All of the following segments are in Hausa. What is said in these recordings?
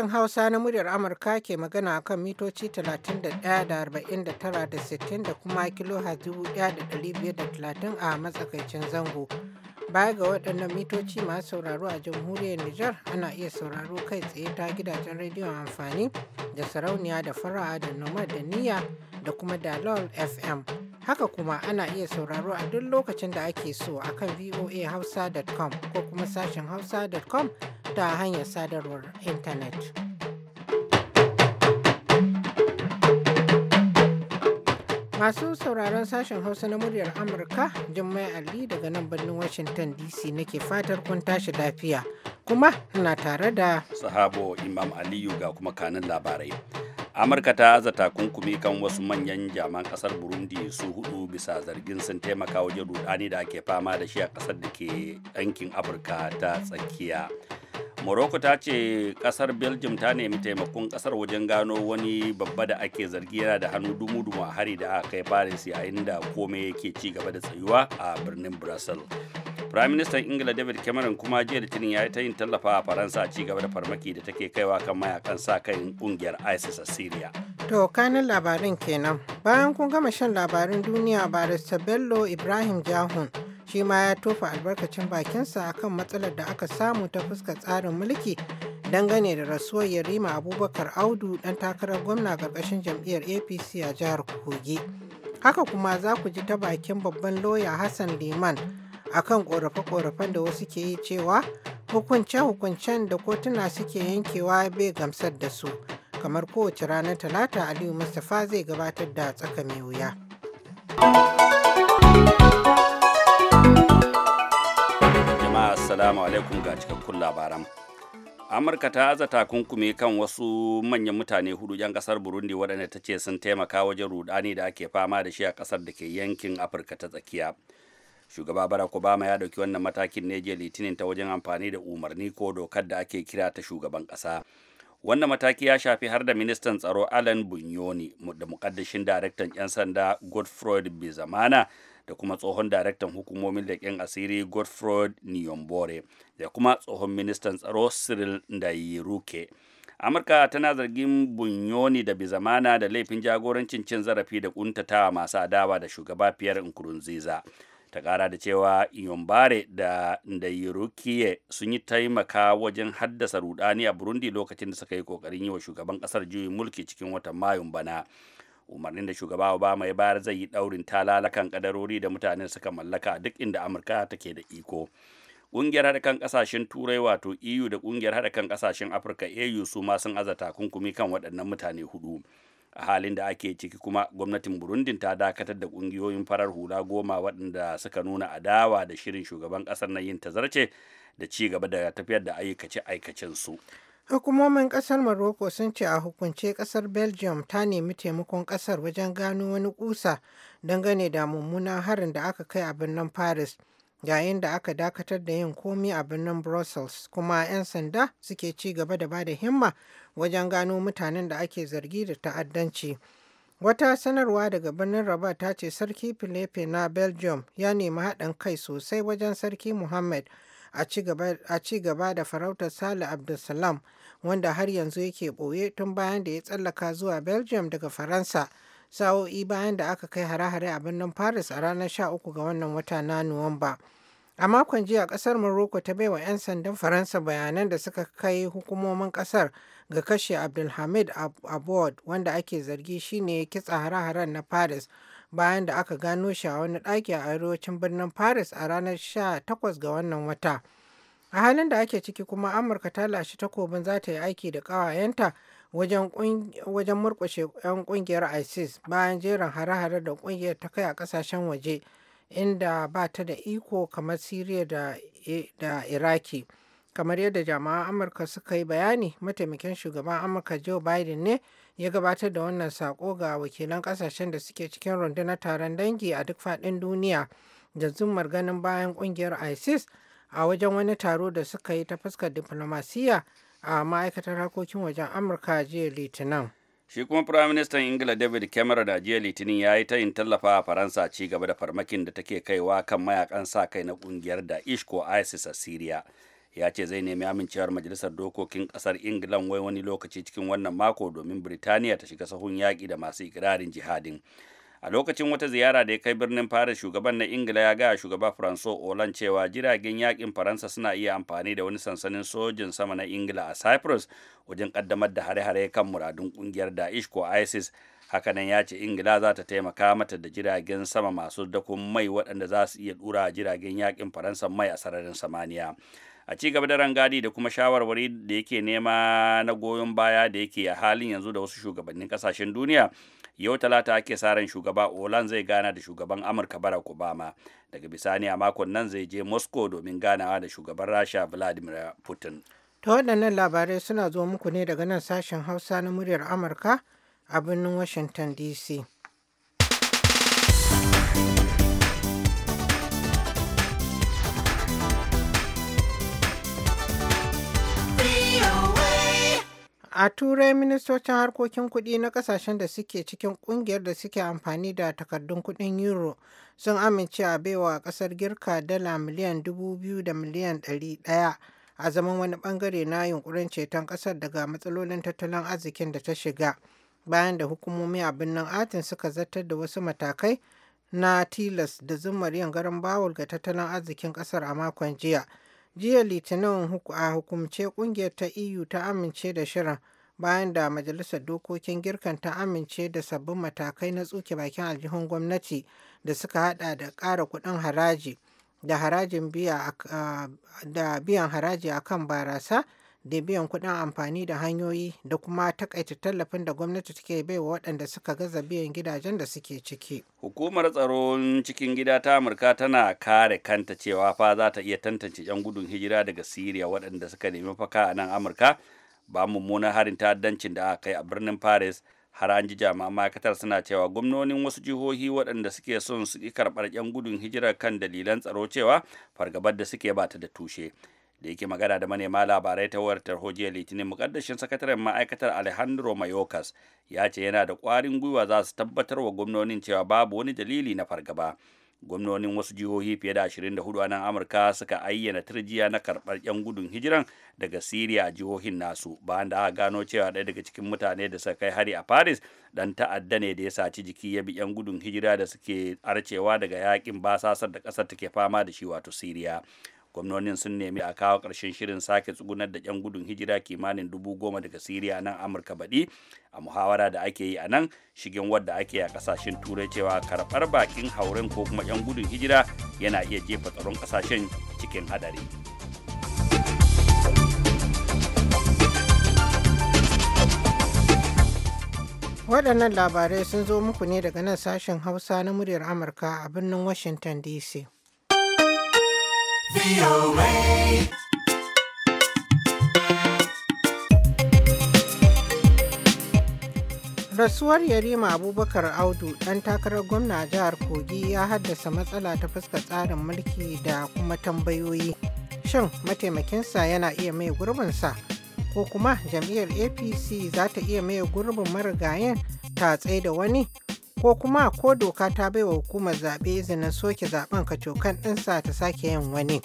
Sashen Hausa na muryar Amurka ke magana akan mitoci 31 da 49 da 60 da kuma kilohertz 1530 a matsakaicin zango. Baya ga waɗannan mitoci masu sauraro a jamhuriyar Nijar ana iya sauraro kai tsaye ta gidajen rediyon amfani da sarauniya da fara'a da noma da niyya da kuma dalol FM. Haka kuma ana iya sauraro a duk lokacin da ake so a kan voahausa.com ko kuma sashen hausa.com ta hanyar sadarwar intanet. Masu sauraron sashen Hausa na muryar Amurka, Jummai Ali daga nan birnin Washington DC nake fatar kun tashi lafiya. Kuma na tare da Sahabo Imam Aliyu ga kuma kanin labarai. amurka ta aza takunkumi kan wasu manyan jaman kasar burundi su hudu bisa zargin sun taimaka wajen rudani da ake fama da shi a kasar da ke yankin afirka ta tsakiya morocco ta ce kasar belgium ta nemi taimakon kasar wajen gano wani babba da ake zargi yana da hannu dumu-dumu a hari da aka kai paris yayin da komai yake ci gaba da tsayuwa a birnin brussels Prime Minister Ingila David Cameron kuma jiya Litinin ya yi ta yin tallafa a Faransa ci gaba da farmaki da take kaiwa kan mayakan sa kan kungiyar ISIS a Syria. To kanin labarin kenan. Bayan kun gama shan labarin duniya barista Bello Ibrahim Jahun shi ma ya tofa albarkacin bakinsa akan matsalar da aka samu ta fuskar tsarin mulki dangane da rasuwar Yarima Abubakar Audu dan takarar gwamna karkashin jam'iyyar APC a jihar Kogi. Haka kuma za ku ji ta bakin babban loya Hassan Liman akan ƙorafe-ƙorafen da wasu ke yi cewa hukunce-hukuncen da kotuna suke yankewa bai gamsar da su kamar kowace ranar talata aliyu mustapha zai gabatar da tsaka mai wuya jama'a assalamu alaikum ga cikakkun labaran amurka ta aza takunkumi kan wasu manyan mutane hudu yan kasar burundi wadanda ta ce sun taimaka wajen rudani da ake fama da shi a kasar da ke yankin afirka ta tsakiya shugaba barack obama ya dauki wannan matakin ne jiya litinin ta wajen amfani da umarni ko dokar da ake kira ta shugaban kasa wannan mataki ya shafi har da ministan tsaro alan bunyoni da mukaddashin daraktan 'yan sanda godfroid bizamana da kuma tsohon daraktan hukumomin da leƙen asiri godfroid niyombore da kuma tsohon ministan tsaro cyril ndayiruke amurka tana zargin bunyoni da bizamana da laifin jagorancin cin zarafi da kuntatawa masu adawa da shugaba pierre nkurunziza ta kara da cewa yombare da ndayirukiye sun yi taimaka wajen haddasa rudani a burundi lokacin da suka yi kokarin yi wa shugaban kasar juyin mulki cikin watan mayun bana umarnin da shugaba obama ya bayar zai yi daurin talalakan kadarori da mutanen suka mallaka duk inda amurka take da iko ƙungiyar haɗa kan ƙasashen turai wato eu da ƙungiyar haɗa kan ƙasashen afirka au su ma sun aza takunkumi kan waɗannan mutane hudu a halin da ake ciki kuma gwamnatin burundin ta dakatar da kungiyoyin farar hula goma waɗanda suka nuna adawa da shirin shugaban ƙasar na yin tazarce da ci gaba da tafiyar da aikace-aikacen su hukumomin ƙasar maroko sun ce a hukunce ƙasar belgium ta nemi taimakon ƙasar wajen gano wani kusa dangane da mummunan harin da aka kai a birnin paris yayin da aka dakatar da yin komi a birnin brussels kuma 'yan sanda suke ci gaba da bada himma wajen gano mutanen da ake zargi da ta'addanci wata sanarwa daga birnin rabat ta ce sarki filipe na belgium ya nemi haɗin kai sosai wajen sarki muhammad a ci gaba da farautar sale abdulsalam wanda har yanzu yake ɓoye tun bayan da ya tsallaka zuwa belgium daga faransa sa'o'i bayan da aka kai hare-hare a birnin Paris a ranar 13 ga wannan wata na Nuwamba. A makon jiya kasar Morocco ta baiwa 'yan sandan Faransa bayanan da suka kai hukumomin kasar ga kashe Abdulhamid abuwad wanda ake zargi shine kitsa hare-haren na Paris bayan da aka gano shi a wani ɗaki a arewacin birnin Paris a ranar 18 ga wannan wata. A halin da ake ciki kuma Amurka ta lashe takobin za ta yi aiki da ƙawayenta wajen murkushe 'yan kungiyar isis bayan jerin hare-hare da ƙungiyar ta kai a ƙasashen waje inda ba ta da iko kamar siriya da iraki kamar yadda jami'an amurka suka yi bayani mataimakin shugaban amurka joe biden ne ya gabatar da wannan sako ga wakilan kasashen da suke cikin rundunar taron dangi a duk fadin duniya da zumar ganin bayan kungiyar isis a wajen wani taro da suka yi ta fuskar diflomasiyya a ma'aikatar harkokin wajen amurka jiya litinin shi kuma firaministan ingila david cameron da jiya litinin ya yi tayin tallafa a faransa ci gaba da farmakin da take kaiwa kan mayakan sa kai na kungiyar da ko isis a syria ya ce zai nemi amincewar majalisar dokokin kasar ingilan wai wani lokaci cikin wannan mako domin birtaniya ta shiga sahun yaƙi da masu ikirarin jihadin a lokacin wata ziyara da ya kai birnin paris shugaban na ingila ya gaya shugaba francois hollande cewa jiragen yakin faransa suna iya amfani da wani sansanin sojin sama na ingila a cyprus wajen kaddamar da hare-hare kan muradun kungiyar daesh ko isis hakanan ya ce ingila za ta taimaka mata da jiragen sama masu dakon mai waɗanda za su iya dura jiragen yakin faransa mai a sararin samaniya a ci gaba da rangadi da kuma shawarwari da yake nema na goyon baya da yake a halin yanzu da wasu shugabannin kasashen duniya yau talata ake sa ran shugaba olan zai gana da shugaban amurka barack obama daga bisani a makon nan zai je moscow domin ganawa da shugaban rasha vladimir putin ta waɗannan labarai suna zo muku ne daga nan sashen hausa na muryar amurka a birnin washington dc A Turai ministocin harkokin kuɗi na ƙasashen da suke cikin ƙungiyar da suke amfani da takardun kuɗin euro sun amince a baiwa ƙasar Girka dala miliyan dubu biyu da miliyan ɗari ɗaya a zaman wani ɓangare na yunkurin ceton ƙasar daga matsalolin tattalin arzikin da ta shiga bayan da hukumomi a birnin Atin suka zartar da wasu matakai na tilas da zumar yin garin bawul ga tattalin arzikin ƙasar a makon jiya. Jiya Litinin a hukumce kungiyar ta EU ta amince da shirin bayan da Majalisar Dokokin Girkan ta amince da sabbin matakai na tsuke bakin aljihun gwamnati da suka hada da kara kudin haraji da biyan haraji akan barasa da biyan kuɗin amfani da hanyoyi da kuma takaita tallafin da gwamnati take baiwa waɗanda suka gaza biyan gidajen da suke ciki. Hukumar tsaron cikin gida ta Amurka tana kare kanta cewa fa za ta iya tantance 'yan gudun hijira daga Siriya waɗanda suka nemi faka a nan Amurka ba mummunan harin ta'addancin da aka kai a birnin Paris har an ji jami'an ma'aikatar suna cewa gwamnonin wasu jihohi waɗanda suke son su karɓar 'yan gudun hijira kan dalilan tsaro cewa fargabar da suke bata da tushe. da yake magana da manema labarai ta wayar jiya litinin mukaddashin sakataren ma'aikatar alejandro mayorkas ya ce yana da kwarin gwiwa za su tabbatar wa gwamnonin cewa babu wani dalili na fargaba gwamnonin wasu jihohi fiye da 24 a nan amurka suka ayyana turjiya na karɓar 'yan gudun hijiran daga siriya jihohin nasu bayan da aka gano cewa ɗaya daga cikin mutane da suka kai hari a paris dan ta'adda ne da ya saci jiki ya bi 'yan gudun hijira da suke arcewa daga yakin basasar da ƙasar take fama da shi wato siriya gwamnonin sun nemi a kawo ƙarshen shirin sake tsugunar da 'yan gudun hijira kimanin dubu goma daga siriya nan amurka baɗi a muhawara da ake yi a nan shigen wadda ake a kasashen turai cewa karɓar bakin hauren ko kuma 'yan gudun hijira yana iya jefa tsaron ƙasashen cikin hadari. waɗannan labarai sun zo muku ne daga nan sashen hausa na muryar amurka a birnin washington dc rasuwar yarima abubakar audu ɗan takarar gwamna a jihar kogi ya haddasa matsala ta fuskar tsarin mulki da kuma tambayoyi shin mataimakinsa yana iya mai gurbinsa ko kuma jam'iyyar apc za ta iya maye gurbin marigayen ta da wani ko kuma ko doka ta wa hukumar zaɓe izinin soke zaɓen kacokan ɗinsa ta sake yin wani.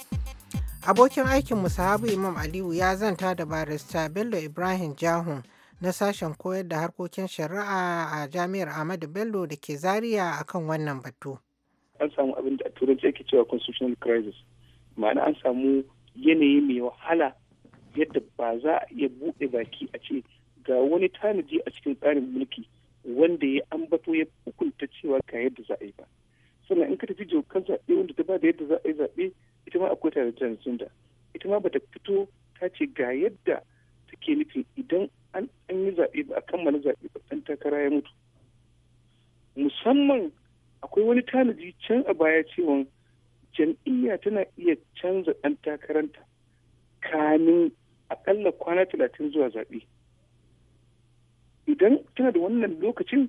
Abokin aikin Musahabu Imam Aliyu ya zanta da barista Bello Ibrahim Jahun na sashen koyar da harkokin shari'a a jami'ar Ahmadu Bello da ke Zaria kan wannan batu. An samu abin da turanci ake cewa constitutional crisis ma'ana an samu yanayi mai wahala yadda ba za a iya buɗe baki a ce ga wani tanaji a cikin tsarin mulki wanda ya ambato ya hukunta cewa ga yadda za a yi ba sannan in ka tafi jokar zaɓe wanda ta ba da yadda za a yi zaɓe ita ma akwai tare da transgender ita ma bata fito ta ce ga yadda take nufin idan an yi zaɓe ba a kammala zaɓe ba ɗan takara ya mutu musamman akwai wani tanaji can a baya cewa jam'iyya tana iya canza ɗan takaranta kamin akalla kwana talatin zuwa zaɓe idan tana da wannan lokacin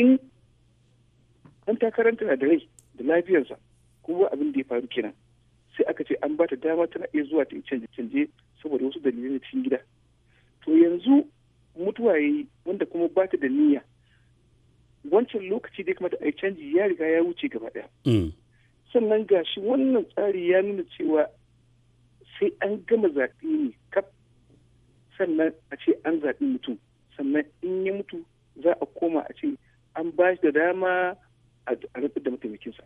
in an takarar tana da rai da lafiyarsa kuma abin da ya faru kenan sai aka ce an ba ta dama tana iya zuwa ta canje canje saboda wasu dalilai na cikin gida to yanzu mutuwa ya yi wanda kuma ba ta da niyya wancan lokaci da ya kamata a yi canji ya riga ya wuce gaba ɗaya mm. sannan ga shi wannan tsari ya nuna cewa sai an gama zaɓe ne kaf sannan a ce an zaɓi mutum sannan in ya mutu za a koma a ce an ba shi da dama a rantsar da mataimakinsa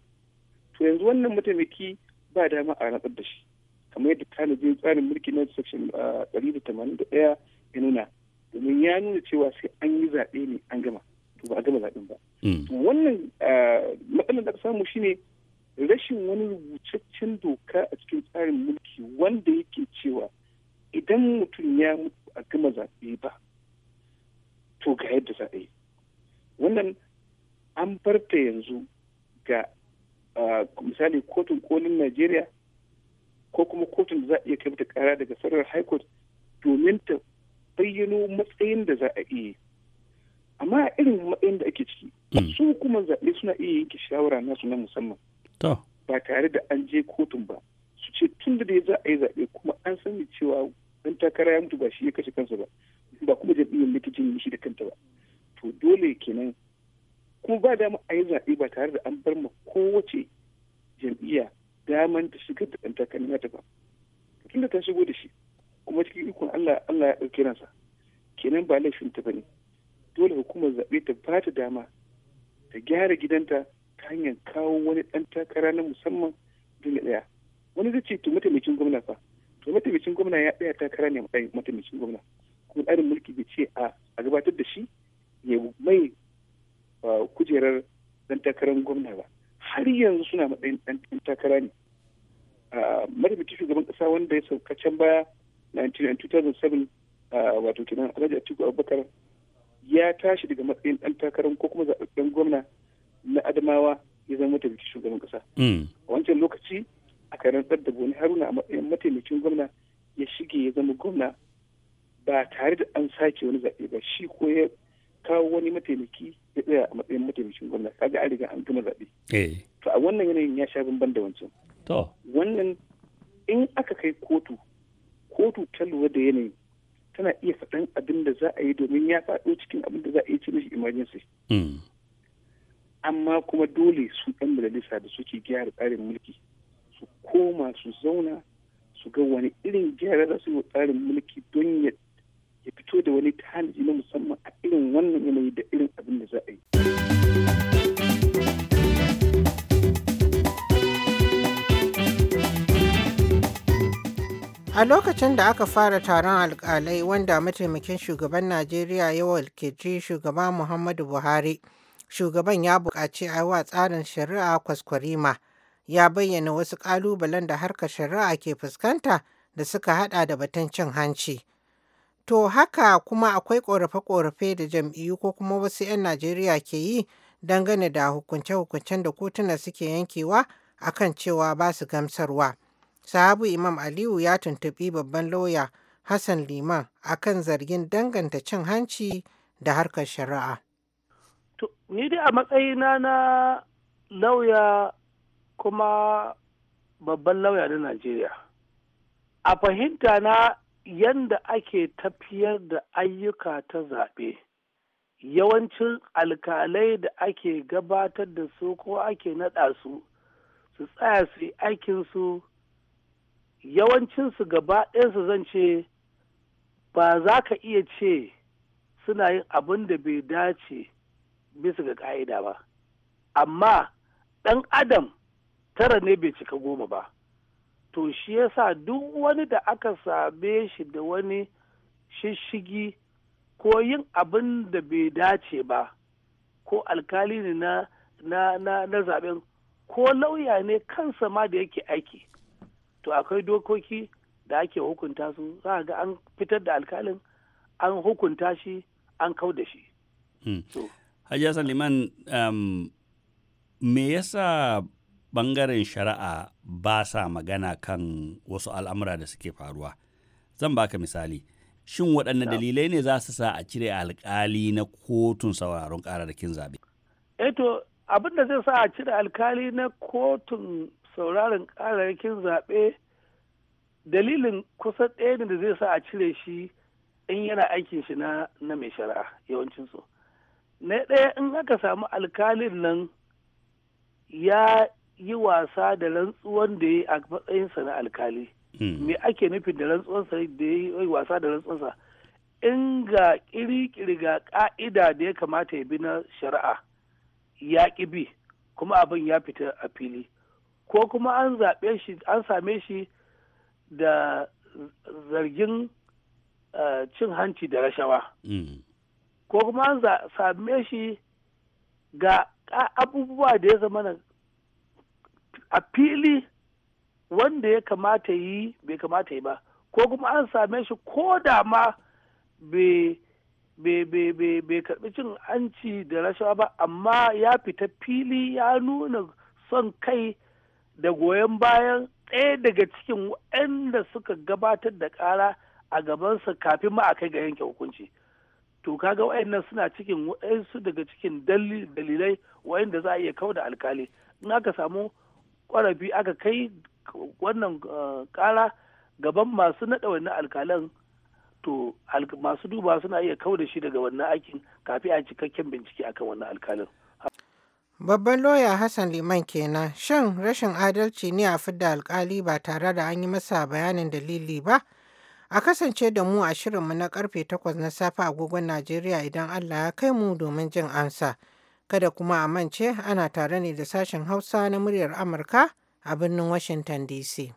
to yanzu wannan mataimaki ba dama a rantsar da shi kamar yadda tanadin tsarin mulki na section ah, ɗari da tamanin da ɗaya ya nuna domin ya nuna cewa sai an yi zaɓe ne an gama to ba a gama zaɓen ba mm. wannan ah, matsalar da aka samu shine rashin wani rubutaccen doka a cikin tsarin mulki wanda yake cewa idan mutum ya mutu a gama zaɓe ba to ga yadda za a wannan an farta yanzu ga misali kotun kolin najeriya ko kuma kotun da za a iya kai kara daga sarar high court domin ta bayyano matsayin da za a iya amma a irin matsayin da ake ciki hmm. su kuma zaɓe suna iya yanke shawara nasu na musamman ba tare da an je kotun ba su ce tun da za a yi zaɓe kuma an sani cewa ɗan takara ya mutu ba shi ya kashe kansa ba ba kuma jam'iyyar likitin ya shi da kanta ba to dole kenan kuma ba dama a yi zaɓe ba tare da an bar ma kowace jam'iyya daman ta shigar da ɗan takalmi ta ba tun da ta shigo da shi kuma cikin ikon Allah Allah ya ɗauke nasa kenan ba laifin ta bane dole hukumar zaɓe ta ba ta dama ta gyara gidanta ta hanyar kawo wani ɗan takara na musamman dole ɗaya wani zai ce to mataimakin gwamna fa to mataimakin gwamna ya ɗaya takara ne mataimakin gwamna ko tsarin mulki bai ce a gabatar da shi ya mai kujerar dan takarar gwamna ba har yanzu suna matsayin dan takara ne mataimakin shugaban kasa wanda ya sauka can baya 2007 wato kenan alhaji atiku abubakar ya tashi daga matsayin dan takarar ko kuma zaɓaɓɓen gwamna na adamawa ya zama mataimakin shugaban kasa mm. a wancan lokaci aka rantsar da boni haruna a matsayin mataimakin gwamna ya shige ya zama gwamna ba tare da an sake wani zaɓe ba shi ko ya kawo wani mataimaki ya tsaya a matsayin mataimakin gwamna kaga an riga an gama zaɓe. Eh. To a wannan yanayin ya sha bamban da wancan. To. Wannan in aka kai kotu kotu ta lura da yanayi tana iya faɗan abin da za a yi domin ya faɗo cikin abin da za a yi cikin mishi emergency. Hmm. Amma kuma dole su ɗan majalisa da suke gyara tsarin mulki su koma su zauna su ga wani irin gyara za su yi tsarin mulki don ya ya fito da wani tanadi na musamman a irin wannan yanayi da irin abin da za a yi. A lokacin da aka fara taron alkalai wanda mataimakin shugaban Najeriya ya walkeci shugaba Muhammadu Buhari, shugaban ya buƙaci a wa tsarin shari'a kwaskwarima. Ya bayyana wasu ƙalubalen da harkar shari'a ke fuskanta da suka hada da batun cin hanci. To haka kuma akwai ƙorafe-ƙorafe da jam'iyyu ko kuma wasu 'yan Najeriya ke yi dangane da hukunce-hukuncen da kotuna suke yankewa akan cewa ba su gamsarwa. Sahabu Imam Aliyu ya tuntuɓi babban lauya Hassan Liman akan zargin danganta cin hanci da harkar shari'a. To, ni dai a matsayina na lauya kuma babban lauya na Najeriya. A fahimta na yanda ake tafiyar da ayyuka ta zaɓe yawancin alkalai da ake gabatar da su ko ake naɗa su su tsaya su yi aikinsu yawancinsu gaba ɗayansu zan ce ba za ka iya ce suna yin abin da bai dace bisa ga ƙa'ida ba amma ɗan adam tara ne bai cika goma ba to shi yasa duk wani da aka same shi da wani shishigi ko yin abin da bai dace ba ko alkali ne na na na na zaben ko lauya ne kansa ma da yake aiki to akwai dokoki da ake hukunta su za ga an fitar da alkalin an hukunta shi an kau da shi. Hmm. Hajiya Saliman, um, me yasa ɓangaren shari'a ba sa magana kan wasu al'amura da suke faruwa zan baka misali shin waɗanne dalilai ne za su sa a cire alkali na kotun sauraron kararrakin zaɓe eto eh abin da zai sa a cire alkali na kotun sauraron kararrakin zaɓe dalilin kusa ɗaya ne da zai sa a cire shi in yana aikin shi na mai shari'a yawancinsu na ɗaya in aka samu alkalin nan ya yi wasa da rantsuwan da ya yi a matsayinsa na alkali hmm. me ake nufin da rantsuwansa da ya yi wasa da rantsuwansa in ga kirikiri ga ka'ida da ya kamata ya bi na shari'a ya ƙi bi kuma abin ya fita a fili ko kuma an zaɓe shi an same shi da zargin eh, cin hanci da rashawa hmm. ko kuma an same shi ga abubuwa da ya zama a fili wanda ya kamata yi bai kamata yi ba ko kuma an same shi ko da ma bai karɓi cin hanci da rashawa ba amma ya fita fili ya nuna son kai da goyon bayan ɗaya daga cikin waɗanda suka gabatar da ƙara a gabansa kafin ma a kai ga yanke hukunci to kaga waɗannan suna cikin waɗansu daga cikin dalilai waɗanda za a iya da alkali in aka samu ƙwarafi aka kai wannan eh, ƙara gaban masu naɗa wannan alkalan to masu duba suna iya kau da shi daga wannan aikin kafin a cikakken bincike akan wannan alkalin. Babban loya Hassan Liman kenan shan rashin adalci ne a fidda alkali ba tare da an yi masa bayanin dalili ba? A kasance da mu a shirinmu na karfe takwas na safe agogon Najeriya idan Allah ya kai mu domin jin ansa. Kada kuma a mance ana tare ne da sashen Hausa na muryar Amurka a birnin Washington DC.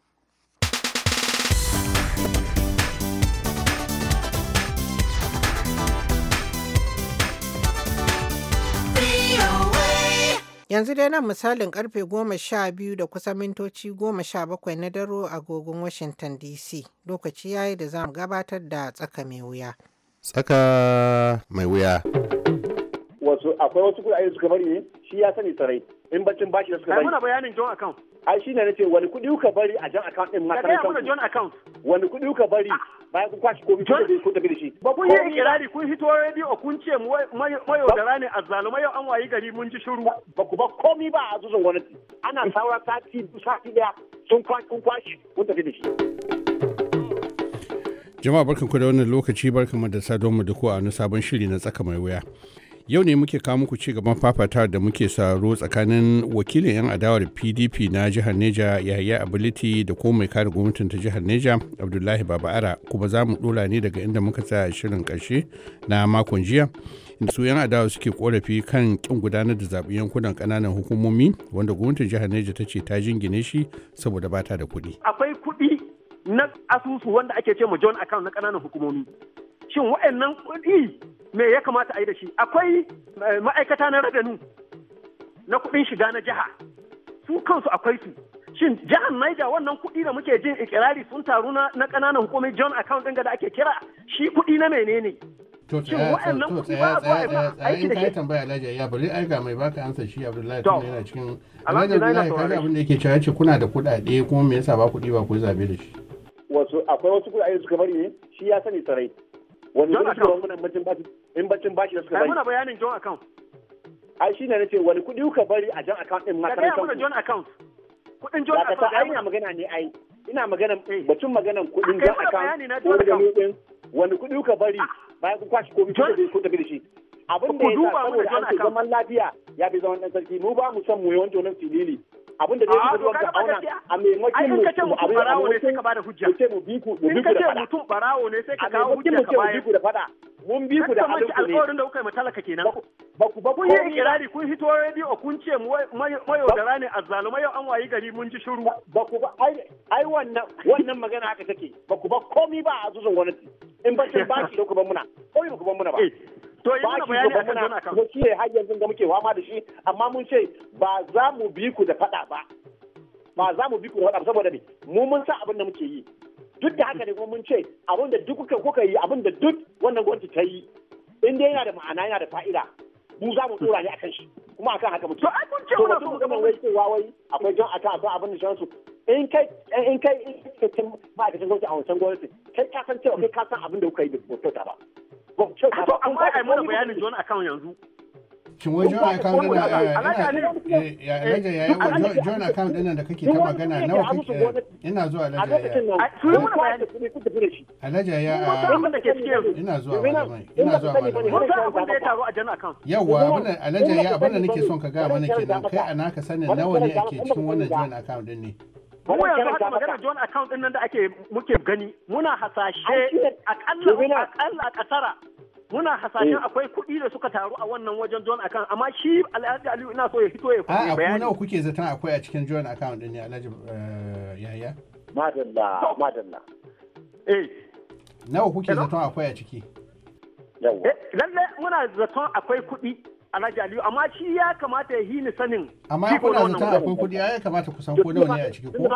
Yanzu dai nan misalin karfe goma sha biyu da kusa mintoci goma sha bakwai na daro agogon Washington DC lokaci yayi da za mu gabatar da tsaka mai wuya. Tsaka mai wuya. wasu akwai wasu kuɗaɗe da suka bari ne shi ya sani sarai in bacin bashi da suka bari. Kai muna bayanin John account. Ai shi ne nace wani kuɗi uka bari a John account din makarantar. Kai muna John account. Wani kuɗi uka bari ah! bayan kun kwashi komi kun tafi kun tafi da shi. Ba kun yi ikirari kun hito radio kun ce mayaudara ne azzaluma yau an wayi gari mun ji shiru. Ba ku ba komi ba a zuzun gwamnati. Ana saura sati sati daya sun kwashi kun tafi da shi. jama'a barkan da wannan lokaci barkan da sadonmu mu da ku a wani sabon shiri na tsaka mai wuya yau ne muke kawo muku cigaban fafata da muke saro tsakanin wakilin 'yan adawar pdp na jihar neja yahaya ability da ko mai kare gwamnatin ta jihar neja abdullahi baba ara kuma za mu dora ne daga inda muka tsaya shirin karshe na makon jiya su 'yan adawa suke korafi kan kin gudanar da zaɓen yankunan ƙananan hukumomi wanda gwamnatin jihar neja ta ce ta jingine shi saboda ba ta da kuɗi akwai kuɗi na asusu wanda ake ce ma john account na ƙananan hukumomi shin waɗannan kuɗi me ya kamata a yi da shi akwai eh, ma'aikata na rabenu na kuɗin shiga na jiha su kansu akwai su shin jihar Niger wannan kuɗi da muke jin ikirari sun taru na ƙananan hukumar John account ɗin da ake kira shi kuɗi na menene to tsaya tsaya tsaya in kai tambaya alhaji ya bari ai ga mai baka ansa shi abdullahi tun yana cikin alhaji abdullahi ga abin da yake cewa yace kuna da kuɗaɗe kuma me yasa ba kuɗi ba ku zabe da shi wasu akwai wasu kuɗaɗe da suka bari ne shi ya sani sarai wani wani shugaban gwamnatin ba su in bacin bashi da suka bari. muna bayanin John account. Ai shine nace wani kuɗi kuka bari a John account din ma kana kan. John account. Kuɗin John account. Dakata ai ina magana ne ai. Ina magana eh. batun maganan kuɗin John account. Wani kuɗi kuka bari ah. bayan kun kwashi komai kuka tafi da shi. abin da ya sa saboda an ce zaman lafiya ya fi zaman ɗan sarki mu ba mu san mu yi wani wani filili abin da zai zuwa ga auna a maimakon mu mu abin da mu ce mu bi da fada a maimakon mu ce mu bi ku da fada mun bi ku da halin ku ne alƙawarin da kuka yi matalaka kenan ba ku ba ku yi ikirari kun hito rediyo kun ce mayaudara ne azzaluma yau an wayi gari mun ji shiru ba ku ba ai wannan wannan magana haka take ba ku ba komi ba a zuzun gwamnati in ba ce ba ki da ku ban muna komi ba ku ban muna ba eh, to yi mana bayani akan zona kan ko shi har yanzu da muke fama da shi amma mun ce ba za mu bi ku da fada ba ba za mu bi ku da fada saboda ne mu mun san abin da muke yi duk da haka ne kuma mun ce abin da duk kuka kuka yi abin da duk wannan gwamnati ta yi in dai yana da ma'ana yana da fa'ida mu za mu tsora ne akan shi kuma akan haka mutum to ai kun ce muna so wai cewa wai akwai jan aka akwai abin da shan su in kai in kai in san gwamnati a wancan gwamnati kai ka san cewa kai ka san abin da kuka yi da tota ba ba to amma ai mana bayanin John akan yanzu kin wai jona account din eh, eh, ya alaja ya yi jona account din da kake ta magana nawa kake ina zuwa alaja ya alaja ya ina zuwa malamai ina zuwa malamai yawa abin alaja ya abin da nake son ka ga mana kenan kai a naka sanin nawa ne ake cikin wannan jona account din ne mu yanzu haka magana joint account din nan da ake muke gani muna hasashe akalla akalla kasara muna hasashen eh. akwai kuɗi da suka taru a wannan wajen joint account amma shi alhaji aliyu ina so ya fito ya kuma bayani nawa kuke zaton akwai a cikin joint account din ne alhaji eh, yaya madalla madalla eh nawa kuke zaton akwai a ciki eh, lallai muna zaton akwai kuɗi alhaji aliyu amma shi ya kamata ya hini sanin amma kuna zaton akwai kuɗi ya kamata kusan ko nawa ne a ciki ko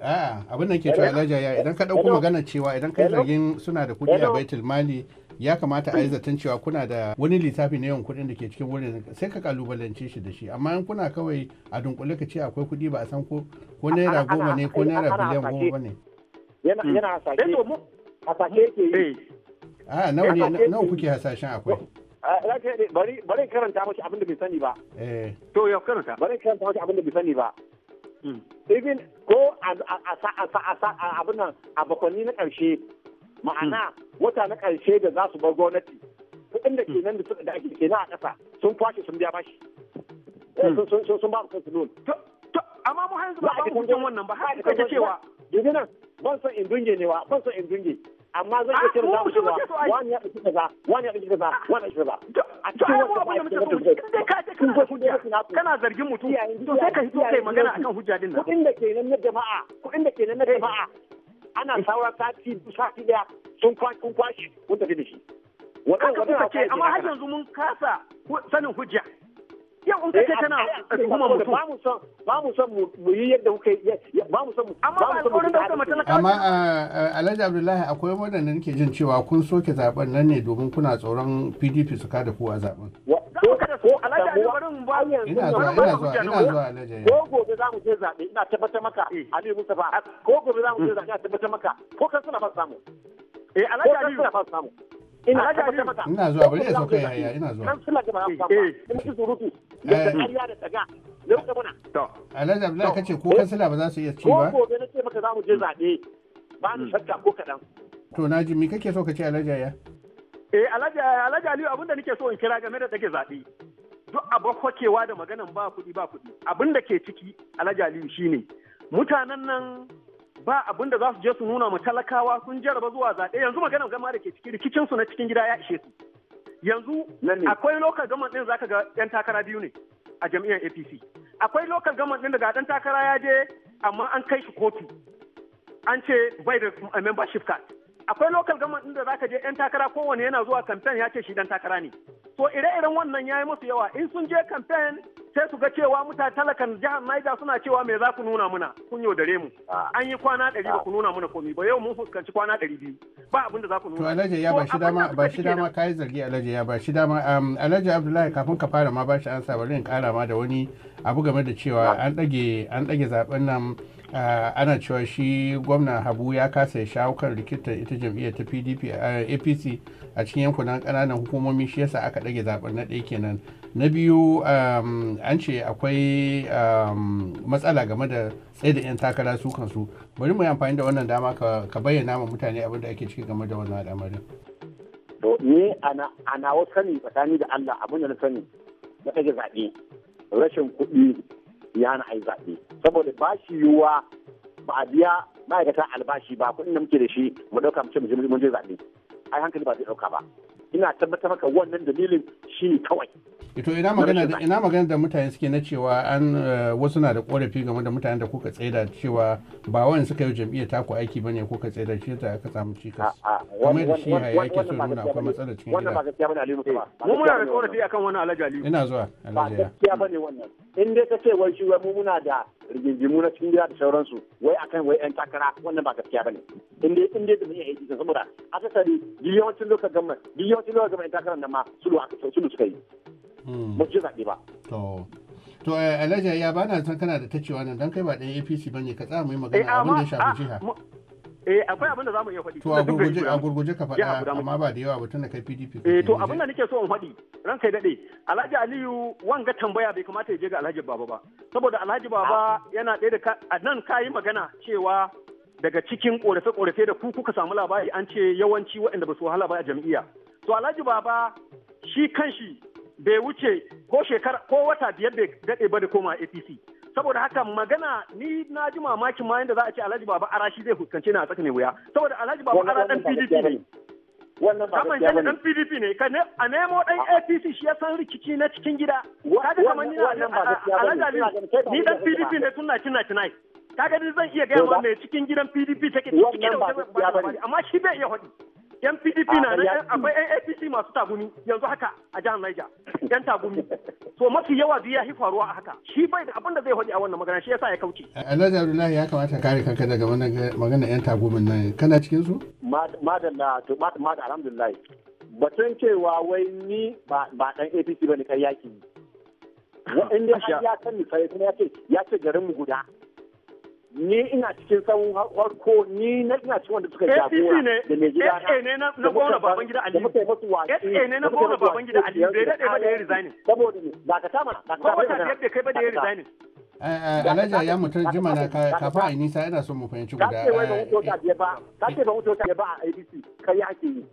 A'a ah, abin nan ke cewa alhaji ya idan ka ɗauko magana cewa idan kai zargin suna da kuɗi a baitul mali ya kamata a yi hmm. zaton cewa kuna da wani littafi na yawan kuɗin da ke cikin wurin sai ka kalubalance shi da shi amma in kuna kawai a dunkule ka ce akwai kudi ba a san ko naira goma ne ko naira biliyan goma ba ne. yana hmm. hasashe eh, hasashe yake yi. Eh. a ah, nawa ne nawa kuke hasashen akwai. Eh, bari karanta mashi abin da bai sani ba. to ya karanta. bari karanta mashi abin da bai sani ba. even ko abin nan a bakwanni na ƙarshe ma'ana wata na ƙarshe da za su bar gwamnati kuɗin da ke nan da ake ke na a ƙasa sun kwashe sun biya bashi eh, sun ba su kansu loan amma mu har yanzu ba a cikin wannan ba har ka cewa yanzu ban son in dunge ne wa ban son in dunge amma zan ah, iya cewa wani ya ɗauki kaza wani ya ɗauki kaza wani ya ɗauki kaza a cikin wata ba ya ɗauki kaza kana zargin mutum to sai ka hito kai magana akan hujja din nan kuɗin da ke nan na jama'a kuɗin da ke nan na eh. jama'a ana eh. saura sati sati daya sun kwashi kun kwashi kun tafi da shi. Haka kuka ce amma har yanzu mun kasa sanin hujja. yau in kace eh, kana tuhumar mutum ba mu son ba mu son mu yi yadda kuka ba mu son amma ba alƙawarin kuka matalaka amma eh, eh, Alhaji Abdullahi akwai ne nake jin cewa kun soke zaben nan ne domin kuna tsoron PDP su kada ku a zaben ina zuwa ina zuwa ina zuwa alhaji ko gobe za mu je zabe ina tabbatar maka Ali Mustafa ko gobe za mu je zabe ina tabbatar maka ko kan suna samu eh alhaji Ali suna samu ina tabbatar maka ina zuwa ya sauka yaya ina zuwa kan suna ba samu eh in yadda eh. ƙarya da tsaga na wuce muna. Alhaji Abdullahi kace ko kansila ba za su iya ci ba? Ko gobe na ce maka za mu je zaɓe ba ni hmm. shakka ko kaɗan. To na ji me kake so ka ce Alhaji ya? Eh Alhaji Alhaji Aliyu abinda nake so in kira game da take zaɓe. Duk abokokewa da maganan ba kuɗi ba kuɗi abinda ke ciki Alhaji Aliyu shine mutanen nan ba abin da za su je su nuna ma talakawa sun jaraba zuwa zaɓe yanzu maganar gama da ke ciki rikicinsu na cikin gida ya ishe su. yanzu akwai local government din zaka ga yan takara biyu ne a jam'iyyar APC akwai local government din daga dan takara ya je amma an kai shi kotu an ce bai da membership card akwai lokal government din da zaka je yan takara kowane yana zuwa kamfen ya ce shi dan takara ne to ire-iren wannan ya yi musu yawa in sun je kamfen. sai su ga cewa mutane talakan jihar Niger suna cewa me za ku nuna muna kun yaudare mu an yi kwana ɗari ba ku nuna muna komi ba yau mun fuskanci kwana ɗari biyu ba abin da za ku nuna. To Alhaji ya ba shi dama ba shi dama kai zargi Alhaji ya ba shi dama um, Alhaji Abdullahi kafin ka fara ma ba shi ansa bari in kara ma da wani abu game da cewa an ɗage an ɗage zaben nan ana cewa shi gwamna habu ya kasa ya shawo kan rikitar ita jam'iyyar ta pdp apc a cikin yankunan kananan hukumomi shi yasa aka ɗage zaben na ɗaya kenan na biyu an ce akwai matsala game da tsaye da 'yan takara su kansu bari mu yi amfani da wannan dama ka bayyana ma mutane abin da ake ciki game da wannan al'amarin ni ana wasu sani tsakani da allah abin da na sani na ɗage zaɓe rashin kuɗi ya na ai zaɓe saboda ba shi yiwuwa ba a biya ma'aikata albashi ba kuɗin da muke da shi mu ɗauka mu ce mu je zaɓe ai hankali ba zai ɗauka ba ina tabbatar maka wannan dalilin shi ne kawai ito ina magana da ina magana da mutane suke na cewa an eh, wasu na da korafi game da mutanen da kuka tsaida cewa ba wani suka yi ta ku aiki bane kuka tsaida shi ta aka samu cikas kuma da shi ya yake so nuna akwai matsala cikin gida mu muna da korafi akan wani alhaji aliyu ina zuwa alhaji ba gaskiya bane wannan in dai ka ce wai shi mu muna da rigingimu na cikin gida da sauransu wai akan wai yan takara wannan ba gaskiya bane in dai in dai da mun yi aiki saboda akasari biliyawancin lokacin gamma biliyawancin lokacin gamma yan takarar nan ma sulu aka sulu suka yi hmm. ba su zaɓe ba to to eh, alhaji ya bana san kana da ta cewa nan dan kai ba dan APC bane ka tsaya mu yi magana eh, abin da ya shafi jiha eh akwai abin da zamu iya faɗi to a gurguje a gurguje ka faɗa amma ba da yawa ba tunda kai PDP eh to abin da nake so in faɗi ran kai daɗe Alhaji Aliyu wanga tambaya bai kamata ya je ga Alhaji Baba ba saboda Alhaji Baba ah. yana ɗaya da a nan kayi magana cewa daga cikin korafe-korafe da ku kuka samu labari an ce yawanci waɗanda ba su wahala ba a jam'iyya to Alhaji Baba shi kanshi bai wuce ko shekara ko wata biyar bai daɗe ba da koma APC saboda haka magana ni na ji mamakin ma yadda za a ce Alhaji Baba Arashi zai fuskance ni a tsakanin wuya saboda Alhaji Baba Ara dan PDP ne wannan ba kamar bane dan PDP ne ka ne a nemo dan APC shi ya san rikici na cikin gida kaga kamar ni Alhaji ni dan PDP ne tun 1999 kaga ni zan iya gaya ma mai cikin gidan PDP take cikin gidan amma shi bai iya hodi yan pdp na nan akwai yan apc masu tagumi yanzu haka a jihar niger yan tagumi to mafi yawa biyu ya fi faruwa a haka shi bai da abin da zai hoji a wannan magana shi yasa ya kauce alhaji abdullahi ya kamata kare kanka daga magana yan tagumin nan kana cikin su madalla to madalla alhamdulillah batun cewa wai ni ba dan apc bane kai yaki inda ya sani sai kuma ya ce garin mu guda ni ina cikin san harko ni na ina cikin wanda suka jagora da ne gida na ne na gona baban gida Ali ne musu ne na gona baban gida Ali bai dade ba da ya resign saboda ne ba ka tama ba ka ba da kai ba da ya resign eh, eh, Alhaji ya mutu jima na kafa a nisa yana son mu fahimci guda. Ka wai ba mutu eh, ta biya ba, ka ba ta biya ba a ABC, kai ake yi.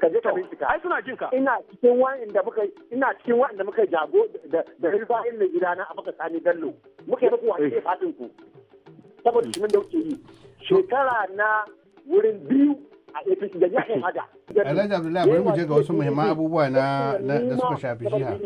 ka je ka bincika. Ai suna jin ka. Ina cikin wa'anda muka ina cikin wa'anda muka jago da da Rifa'il na gidana a baka Sani dallo Muka yi muku wace fatin ku. saboda shi da kuke yi shekara na wurin biyu a APC da ya hada Alhaji Abdullahi bari mu je ga wasu muhimman abubuwa na da suka shafi jiha.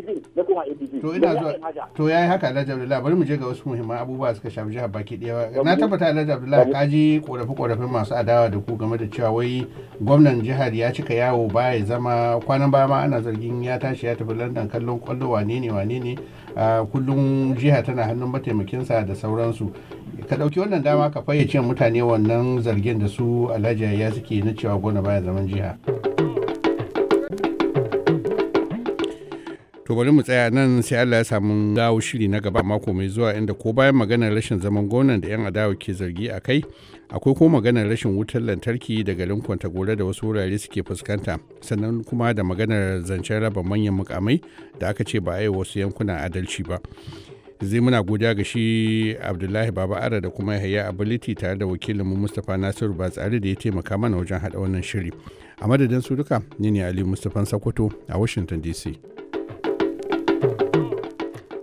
To ina zuwa to yayi haka Alhaji Abdullahi bari mu je ga wasu muhimman abubuwa suka shafi jiha baki daya. Na tabbata Alhaji Abdullahi ka ji korafi korafin masu adawa da ku game da cewa wai gwamnan jihar ya cika yawo baya zama kwanan baya ma ana zargin ya tashi ya tafi London kallon kwallo wane ne wane ne kullum jiha tana hannun mataimakinsa da sauransu ka ɗauki wannan dama ka fayyace mutane wannan zargin da su alhaji ya suke na cewa gona baya zaman jiha To bari mu tsaya nan sai Allah ya samu dawo shiri na gaba mako mai zuwa inda ko bayan maganar rashin zaman gwamnan da 'yan adawa ke zargi a kai akwai ko maganar rashin wutar lantarki da garin gore da wasu wurare suke fuskanta sannan kuma da maganar zancen raba manyan mukamai da aka ce ba a yi wasu yankuna adalci ba. zai muna godiya ga shi abdullahi baba ara da kuma yahaya ability tare da wakilinmu mustapha nasiru ba tsari da ya taimaka mana wajen haɗa wannan shiri a madadin su duka ni ne ali mustapha sakoto a washington dc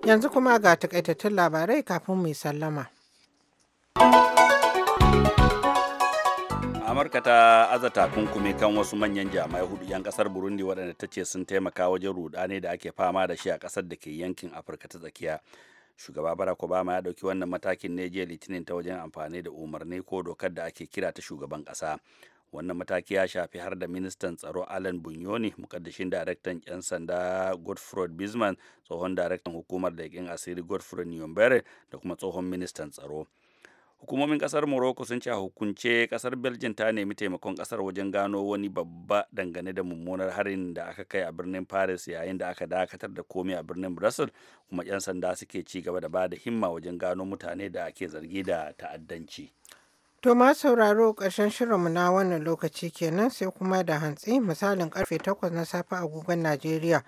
Yanzu kuma ga takaitattun labarai kafin mai sallama. amurka ta aza takunkumi kan wasu manyan jami'ai hudu 'yan kasar burundi waɗanda ta ce sun taimaka wajen rudani da ake fama da shi a ƙasar da ke yankin afirka ta tsakiya shugaba barack obama ya ɗauki wannan matakin ne jiya litinin ta wajen amfani da umarni ko dokar da ake kira ta shugaban ƙasa wannan mataki ya shafi har da ministan tsaro alan bunyoni mukaddashin daraktan 'yan sanda godfrey bisman tsohon daraktan hukumar da yakin asiri godfrey nyombere da kuma tsohon ministan tsaro hukumomin kasar morocco sun ce a hukunce kasar belgium ta nemi taimakon kasar wajen gano wani babba dangane da mummunar harin da aka kai a birnin paris yayin da aka dakatar da komi a birnin brussels kuma 'yan sanda suke ci gaba da bada himma wajen gano mutane da ake zargi da ta'addanci To ma sauraro ƙarshen shirinmu na wannan lokaci kenan sai kuma da hantsi misalin karfe takwas na safe a agogon Najeriya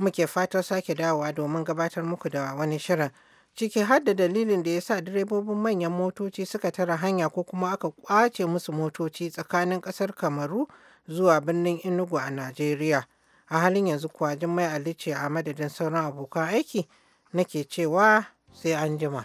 muke fatan sake dawowa domin gabatar muku da wani shirin. Ciki har da dalilin da ya sa direbobin manyan motoci suka tara hanya ko kuma aka ƙwace musu motoci tsakanin ƙasar Kamaru zuwa birnin Enugu a Najeriya. A halin yanzu kuwa Jummai Ali a madadin sauran abokan aiki nake cewa sai an jima.